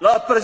La